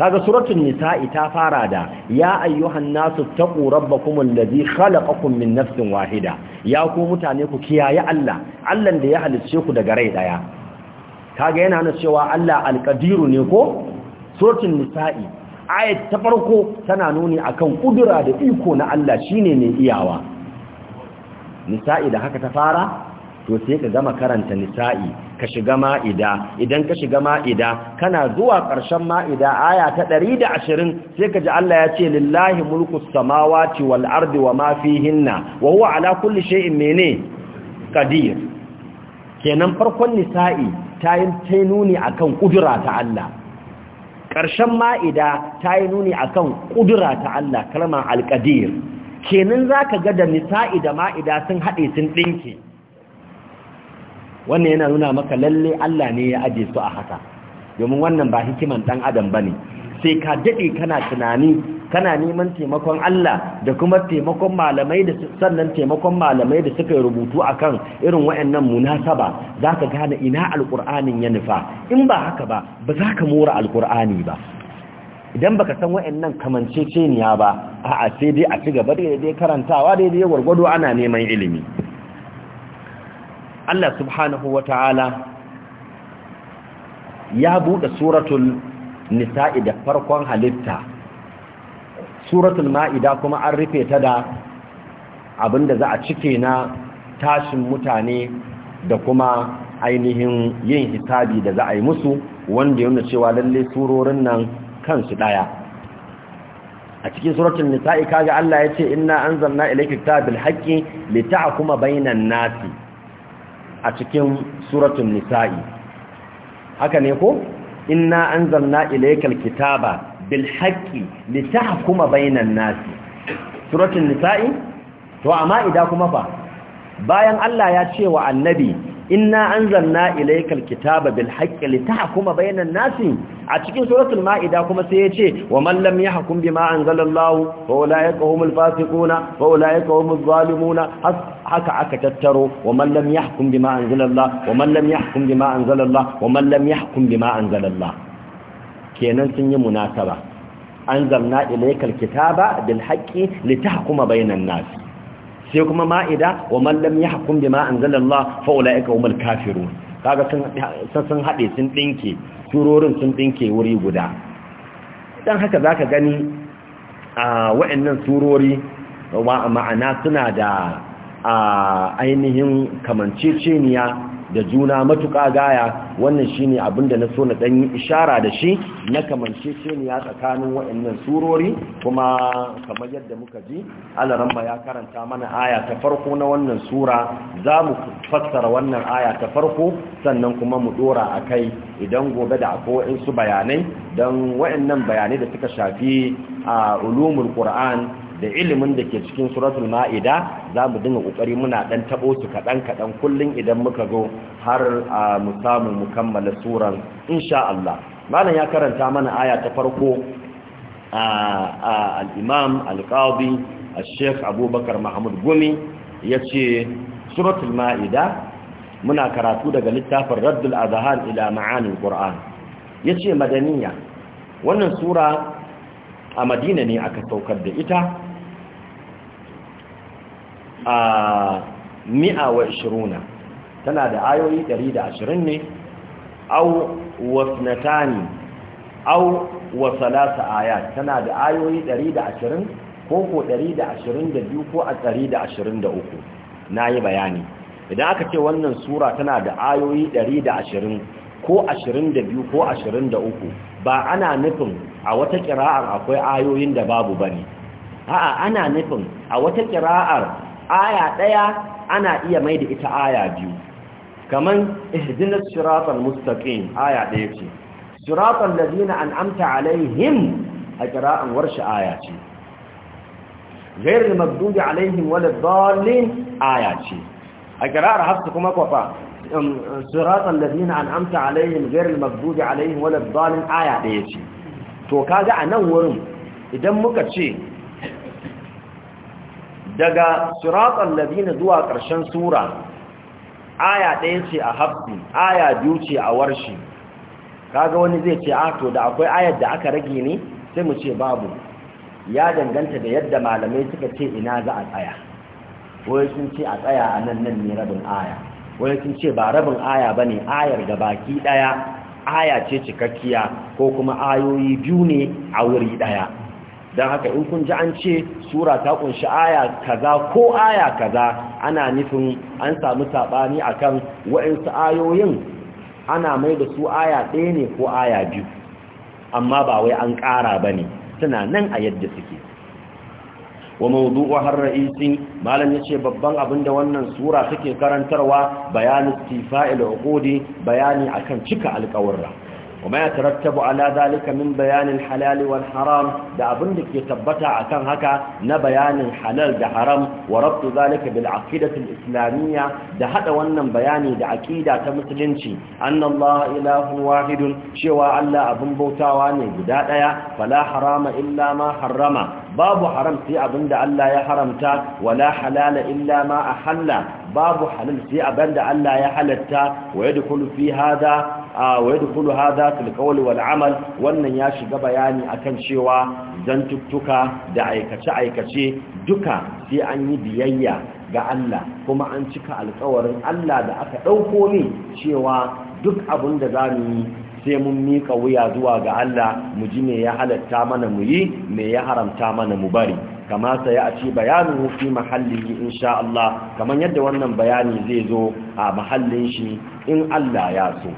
kaga suratul nisa'i ta fara da ya ayyuhan nasu taqu rabbakumul ladhi khalaqakum min nafsin wahida ya ku mutane ku kiyaye Allah Allah da ya halicce ku daga rai daya kaga yana nuna cewa Allah alqadiru ne ko sotin nisa'i ayat ta farko tana nuni akan kudura da iko na Allah shine mai iyawa nisa'i da haka ta fara to sai ka gama karanta nisa'i ka shiga ma'ida idan ka shiga ma'ida kana zuwa ƙarshen ma'ida aya ta 120 sai ka ji Allah ya ce lillahi mulku samawati wal ardi wa ma fihinna wa huwa ala kulli shay'in mene kadir. kenan farkon nisa'i ta yi nuni akan kudura ta Allah ƙarshen ma'ida ta yi nuni a kan ƙudura ta Allah kalmar alƙadir kenan za ka ga da nisa da ma'ida sun haɗe sun ɗinke. wannan yana nuna maka lalle Allah ne ya aje su a haka domin wannan ba hikiman ɗan adam ba ne sai ka daɗe kana tunani kana neman taimakon Allah da kuma taimakon malamai da sannan taimakon malamai da suka rubutu akan irin wayannan munasaba zaka gane ina alqur'anin ya nufa in ba haka ba ba za ka mora alqur'ani ba idan baka san wayannan kamanceceniya ba a'a sai dai a cigaba gaba da dai karantawa dai dai gurgudu ana neman ilimi Allah subhanahu wataala ya buɗe suratul nisa'i da farkon halitta suratul ma'ida kuma an rufe ta da abinda za a cike na tashin mutane da kuma ainihin yin hisabi da za a yi musu wanda yana cewa lalle surorin nan kansu daya a cikin suratul nisa'i kaga Allah ya ce inna anzalna ilayka kitabal haqqi litahkuma bainan nasi a cikin suratul nisa'i haka ne ko inna anzalna ilaykal kitaba bil haqqi litahkuma bainan nas suratul nisa'i to amma idan kuma fa bayan Allah ya ce wa annabi inna anzalna ilaykal kitaba bil haqqi litahkuma bainan nas a cikin suratul maida kuma sai ya ce wa man lam yahkum bima anzalallahu fa ulaika humul fasiquna fa ulaika humuz zalimuna haka aka tattaro wa man lam yahkum bima anzalallahu wa man lam yahkum bima anzalallahu wa man lam yahkum bima anzalallahu kenan sun yi munasaba an zamna ilaikal kitaba bil haqqi litahkuma bainan nas sai kuma ma'ida wa man lam yahkum bima anzalallah fa ulaika humul kafirun kaga sun sun hade sun dinke surorin sun dinke wuri guda dan haka zaka gani a wa'annan surori ma'ana suna da ainihin kamanceceniya da juna matuƙa gaya wannan shine abin da na so na ɗan ishara da shi na kamance ce ne ya tsakanin waɗannan surori kuma kamar yadda muka ji alaramba ya karanta mana aya ta farko na wannan sura za mu fassara wannan aya ta farko sannan kuma mu ɗora a kai idan gobe da akwai waɗansu bayanai don wa'annan bayanai da suka shafi a ulumul da ilimin da ke cikin suratul ma'ida za mu dinga ƙoƙari muna ɗan taɓo su kaɗan-kaɗan kullum idan muka zo har mu samu mu kammala suran insha Allah malam ya karanta mana aya ta farko al-imam al-qadi al-sheikh abubakar mahmud gumi yace suratul ma'ida muna karatu daga littafin raddul azhar ila ma'anil qur'an yace madaniya wannan sura a madina ne aka saukar da ita a 120 tana da ayoyi 120 ne au wasnatani au wa salasa ayat tana da ayoyi 120 ko ko 122 ko a 123 nayi bayani idan aka ce wannan sura tana da ayoyi 120 ko 22 ko 23 ba ana nufin a wata kira'ar akwai ayoyin da babu bane a'a ana nufin a wata kira'ar aya ɗaya ana iya mai da ita aya biyu kaman ihdinas siratal mustaqim aya ɗaya ce siratal ladina an'amta alaihim a qira'an warshi aya ce ghayril maghdubi alaihim waladdallin aya ce a qira'ar hafsu kuma kwafa um, siratal ladina an'amta alaihim ghayril maghdubi alaihim waladdallin aya ɗaya ce to kaga a nan wurin idan muka ce daga siratan ladina zuwa ƙarshen sura aya ɗaya ce a hafsi aya biyu ce a warshi kaga wani zai ce a ah, to da akwai ayar da aka rage ne sai mu ce babu ya danganta da yadda malamai suka ce ina za a tsaya wai sun ce a tsaya a nan nan ne rabin aya wai sun ce ba rabin aya ba ne ayar da baki ɗaya aya ce cikakkiya ko kuma ayoyi biyu ne a wuri ɗaya don haka in kun ji an ce sura ta kunshi aya kaza ko aya kaza ana nufin an samu saɓani akan waɗansu ayoyin ana mai da su aya ɗaya ne ko aya biyu amma ba wai an ƙara ba ne suna nan a yadda suke wa mawdu'u har ra'isi malam yace babban abin da wannan sura take karantarwa bayani istifa'il uqudi bayani akan cika alƙawarra وما يترتب على ذلك من بيان الحلال والحرام ده أبن لك يتبتع كان هكا نبيان الحلال ده حرام وربط ذلك بالعقيدة الإسلامية ده هذا ونن بياني ده عقيدة تمثلنشي أن الله إله واحد شوى ألا أبن بوتاواني قداء فلا حرام إلا ما حرم babu haram sai abinda Allah ya haramta wala halala illa ma ahalla babu halal sai abinda Allah ya halatta wa yadkhulu fi hada wa yadkhulu hadha fil qawli wal amal wannan ya shiga bayani a kan cewa zantuttuka da aikace aikace duka sai an yi biyayya ga Allah kuma an cika alƙawarin Allah da aka ɗauko ne cewa duk abin da zamu yi sai mun mika wuya zuwa ga Allah mu ji me ya halatta mana mu yi me ya haramta mana mu bari kama ya a ci bayanin fi mahallihi yi, Allah kamar yadda wannan bayani zai zo a mahallin shi in Allah ya so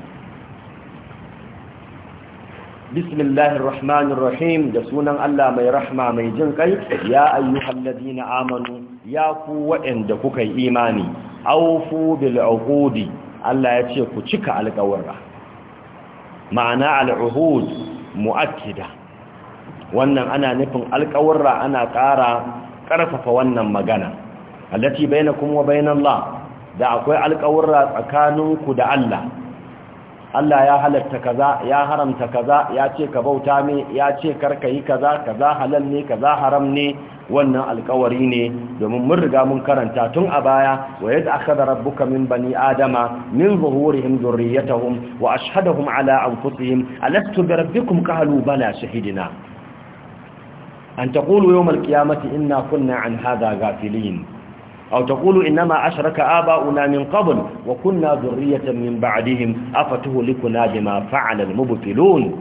bismillahir rahmanir rahim da sunan Allah mai rahma mai jin kai ya ayyuhal ladina amanu ya ku waɗanda kuka yi imani aufu bil uqudi Allah ya ku cika alƙawarra ma'ana al'uhud mu'akkida wannan ana nufin alƙawarra ana ƙara ƙarfafa wannan magana allati bainakum wa bainallah da akwai alƙawarra tsakaninku da Allah Allah ya halatta kaza ya haramta kaza ya ce ka bauta ne ya ce karka yi kaza kaza halal ne kaza haram ne wannan alkawari ne domin mun riga mun karanta tun a baya wa yadda akhadha rabbuka min bani adama min zuhurihim dhurriyyatahum wa ashhadahum ala anfusihim alastu bi rabbikum qalu bala shahidina an taqulu yawm alqiyamati inna kunna an hadha ghafilin أو تقول إنما أشرك آباؤنا من قبل وكنا ذرية من بعدهم أفتهلكنا بما فعل المبطلون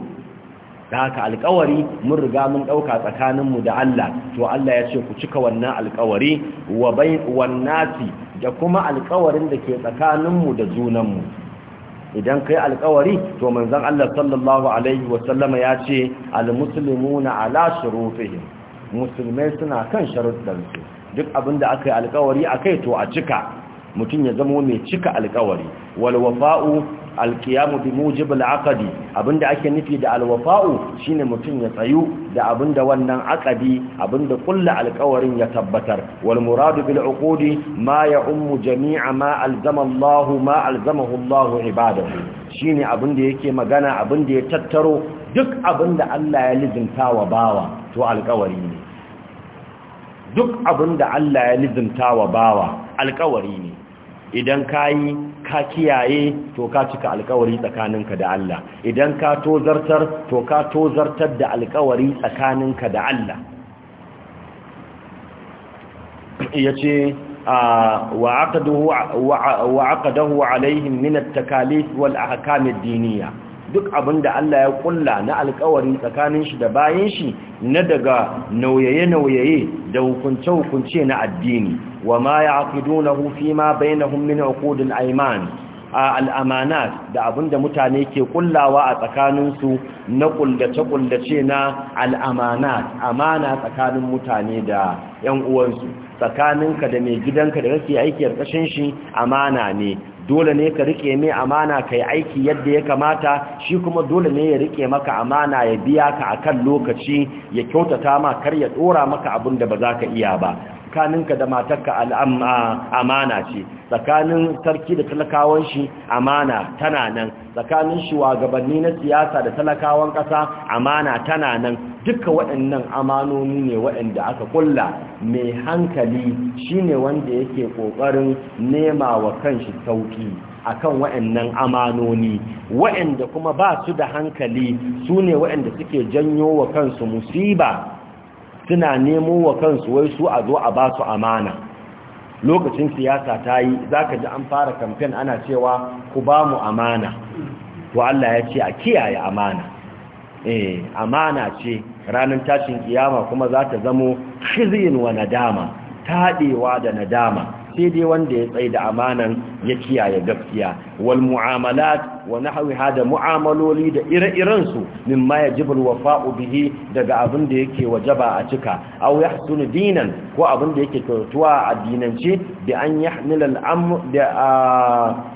da haka alkawari mun riga mun ɗauka tsakaninmu da Allah to Allah ya ce ku cika wannan alkawari wa bain wannati da kuma alkawarin da ke tsakaninmu da junanmu idan kai alkawari to manzon Allah sallallahu alaihi wa sallama ya ce almuslimuna ala shurutihim musulmai suna kan sharuɗansu duk abin da aka yi alkawari a kai to a cika mutum ya zama mai cika alkawari walwafa'u alkiyamu bi mujibul aqdi abinda ake nufi da alwafa'u shine mutum ya tsayu da abinda wannan aqdi abinda kullu alkawarin ya tabbatar walmuradu bil uqudi ma ya'ummu jami'a ma alzama Allahu ma alzamahu Allahu ibadahu shine abinda yake magana abinda ya tattaro duk abinda Allah ya lizinta wa bawa to alkawari ne duk abin da Allah ya nizinta wa bawa alkawari ne idan ka yi ka kiyaye to ka cika alkawari tsakaninka da Allah idan ka tozartar to ka tozartar da alkawari tsakaninka da Allah ya ce wa aqadahu alaihim min at-takalif wal ahkam ad-diniyah duk abin da Allah ya kulla na alkawari tsakanin shi da bayan shi na daga nauyaye-nauyaye da hukunce-hukunce na addini wa ma ya aqidunahu fi ma bainahum min uqudil ayman al'amanat da abin da mutane ke kullawa a tsakaninsu na kullace-kullace na al'amanat amana tsakanin mutane da ‘yan uwansu tsakaninka da mai gidanka da kake aiki a ƙashin shi amana ne dole ne ka rike mai amana kai aiki yadda ya kamata shi kuma dole ne ya rike maka amana ya biya ka akan lokaci ya kyautata ma kar ya dora maka abin da ba za ka iya ba tsakaninka da matarka amana ce tsakanin sarki da talakawan shi amana tana nan tsakanin shugabanni na siyasa da talakawan ƙasa amana tana nan duka waɗannan amanoni ne waɗanda aka kulla mai hankali shine wanda yake ƙoƙarin nema wa kanshi sauki aiki akan waɗannan amanoni waɗanda kuma ba su da hankali su ne waɗanda suke janyo wa kansu musiba suna nemo wa kansu wai su a zo a ba su amana lokacin siyasa ta yi za ka ji an fara kamfen ana cewa ku ba mu amana to Allah ya ce a kiyaye amana eh amana ce ranar tashin kiyama kuma za ta zamo shizin wa nadama taɗewa da nadama sai dai wanda ya tsaye da amanan ya kiyaye gaskiya wal mu'amalat wa nahwi da mu'amaloli da ire-iren su mimma yajibu wafa'u bihi daga abin da yake wajaba a cika aw yahsun dinan ko abin da yake kyautuwa a dinance bi an yahmila al'amr da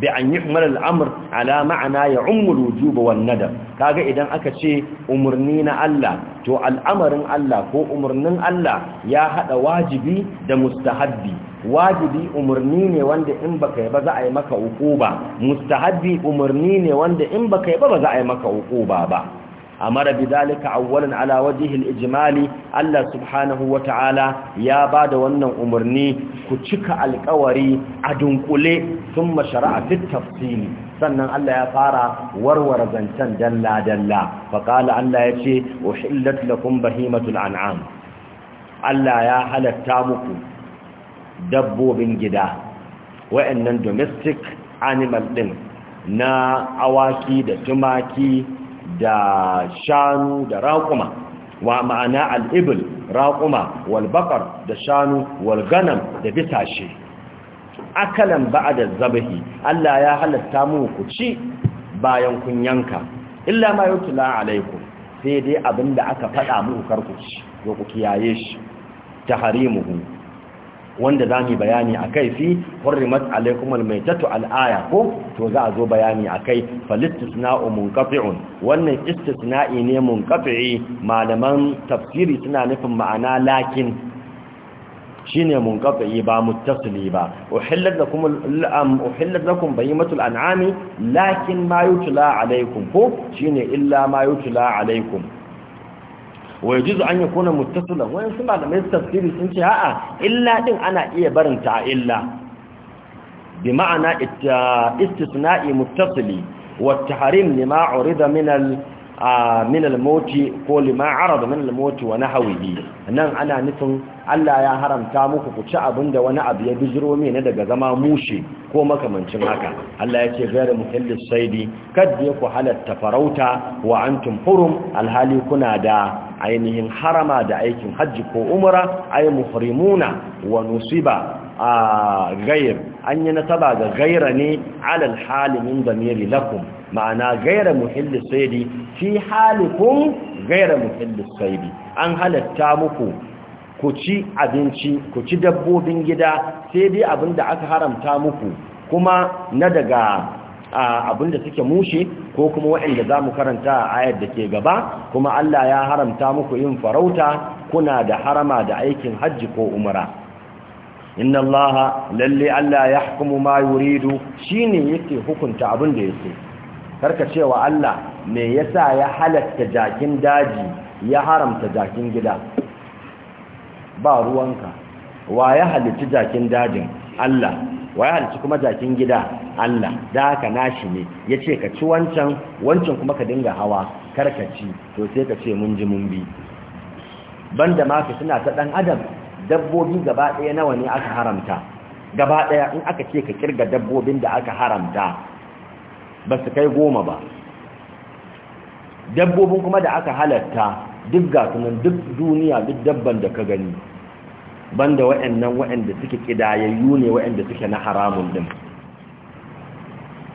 bi an yuhmal al'amur ala ma'ana ya ummul wujub wannada. Ka kaga idan aka ce umarni na Allah to al'amarin Allah ko umarnin Allah ya haɗa wajibi da mustahabbi wajibi umarni ne wanda in baka yi ba za a yi maka ba. mustahabbi umarni ne wanda in baka yi ba ba za a yi maka uku ba أمر بذلك أولا ijimali, Allah subhanahu wa ta'ala, ya ba da wannan umarni. ku cika alkawari a dunkule sun mashara'a fit tafsili sannan Allah ya fara warware zancen dalla-dalla faƙala Allah ya ce uhillat lakum bahimatul an'am Allah ya halatta muku dabbobin gida wa'annan domestic animal din na awaki da tumaki da shanu da raƙuma wa ma'ana al'ibil raƙuma walbaƙar da shanu walganan da bitashe akalan ba da zabahi Allah ya halatta mu ku ci bayan kun yanka illa ma yutla alaikum sai dai abinda aka faɗa muku karku ci ku kiyaye shi taharimuhu wanda za mu bayani a kai fi hurrimat alaikum almaitatu alaya ko to za a zo bayani a kai falistisna'u munqati'un wannan istisna'i ne munqati'i malaman tafsiri suna nufin ma'ana lakin shine munqati'i ba muttasili ba uhillat lakum al'am uhillat lakum bayimatul an'ami lakin ma yutla alaikum ko shine illa ma yutla alaikum wa yajuzu an yakuna muttasilan wa in da mai tafsiri sun ce a'a illa din ana iya barin ta illa bi ma'ana istisna'i muttasili wa tahrim lima urida min al min al-mauti ko lima arada min al-mauti wa nahwihi nan ana nufin Allah ya haramta muku ku ci abinda wani abu ya bijiro mene daga zama mushe ko makamancin haka Allah ya ce gairu muhallis saidi kad ya ku halatta farauta wa antum hurum alhali kuna da ainihin harama da aikin hajji ko umra ai muhrimuna wa nusiba a gair an yi nasaba ga gaira ne alal halimin damiri lakum ma'ana gaira muhillis saidi fi halikun gaira muhillis saidi an halatta muku ku ci abinci ku ci dabbobin gida sai dai abin da aka haramta muku kuma na daga abinda suke mushe ko kuma waɗanda za mu karanta a ayar da ke gaba kuma Allah ya haramta muku yin farauta kuna da harama da aikin hajji ko umara inna Allah lalle Allah ya hukumu ma shi ne yake hukunta abin da yake karka cewa Allah me yasa ya halatta jakin daji ya haramta jakin gida ba ruwanka wa ya halitta jakin dajin Allah waya halci kuma jakin gida Allah da haka nashi ne ya ce ka ci wancan wancan kuma ka dinga hawa kar ka ci to sai ka ce mun ji mun bi banda ma ka suna ta dan adam dabbobi gaba ɗaya nawa ne aka haramta gaba ɗaya in aka ce ka kirga dabbobin da aka haramta ba su kai goma ba dabbobin kuma da aka halarta duk gasunan duk duniya duk dabban da ka gani banda wa'annan wa'anda suke kidayayyu ne wa'anda suke na haramun din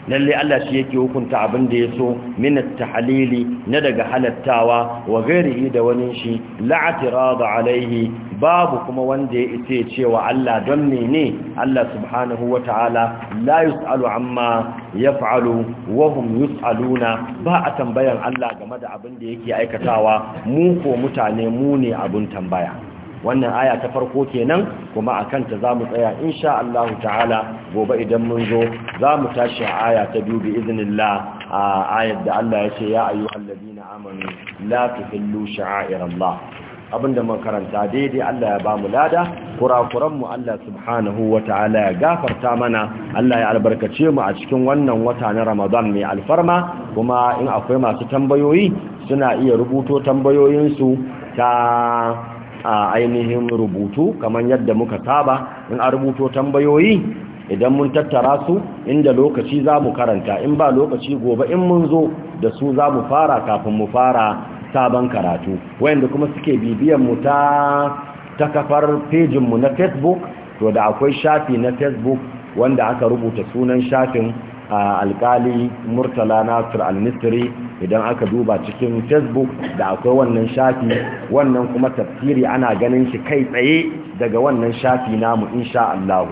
lalle Allah shi yake hukunta abin da yaso min at-tahlili na daga halattawa wa ghairihi da wani shi la'tirad alaihi babu kuma wanda ya ite cewa Allah don mene Allah subhanahu wataala la yusalu amma yaf'alu wa hum yusaluna ba a tambayan Allah game da abin da yake aikatawa mu ko mutane mu ne abun tambaya wannan aya ta farko kenan kuma a kanta za mu tsaya insha Allah ta'ala gobe idan mun zo za mu tashi a aya ta biyu bi iznillah a ayar da Allah ya ce ya ayyuhal ladina amanu la tuhillu sha'airallah abinda mun karanta daidai Allah ya bamu lada kurakuran mu Allah subhanahu wataala ya gafarta mana Allah ya albarkace mu a cikin wannan wata na Ramadan mai alfarma kuma in akwai masu tambayoyi suna iya rubuto tambayoyinsu ta a ainihin rubutu kamar yadda muka saba in a rubuto tambayoyi idan mun tattara su inda lokaci za mu karanta in ba lokaci gobe in mun zo da su za mu fara kafin mu fara sabon karatu wayanda kuma suke bibiyan mu ta ta kafar mu na facebook to da akwai shafi na facebook wanda aka rubuta sunan shafin alkali murtala nasir al idan aka duba cikin facebook da akwai wannan shafi wannan kuma tafsiri ana ganin shi kai tsaye daga wannan shafi namu insha Allah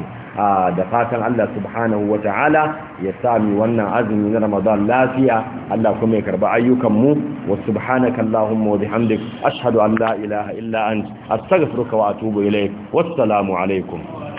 da fatan Allah subhanahu wa ta'ala ya sami wannan azumi na Ramadan lafiya Allah kuma ya karba ayyukanmu wa subhanaka Allahumma wa bihamdik ashhadu an la ilaha illa ant astaghfiruka wa atubu ilayk wassalamu alaikum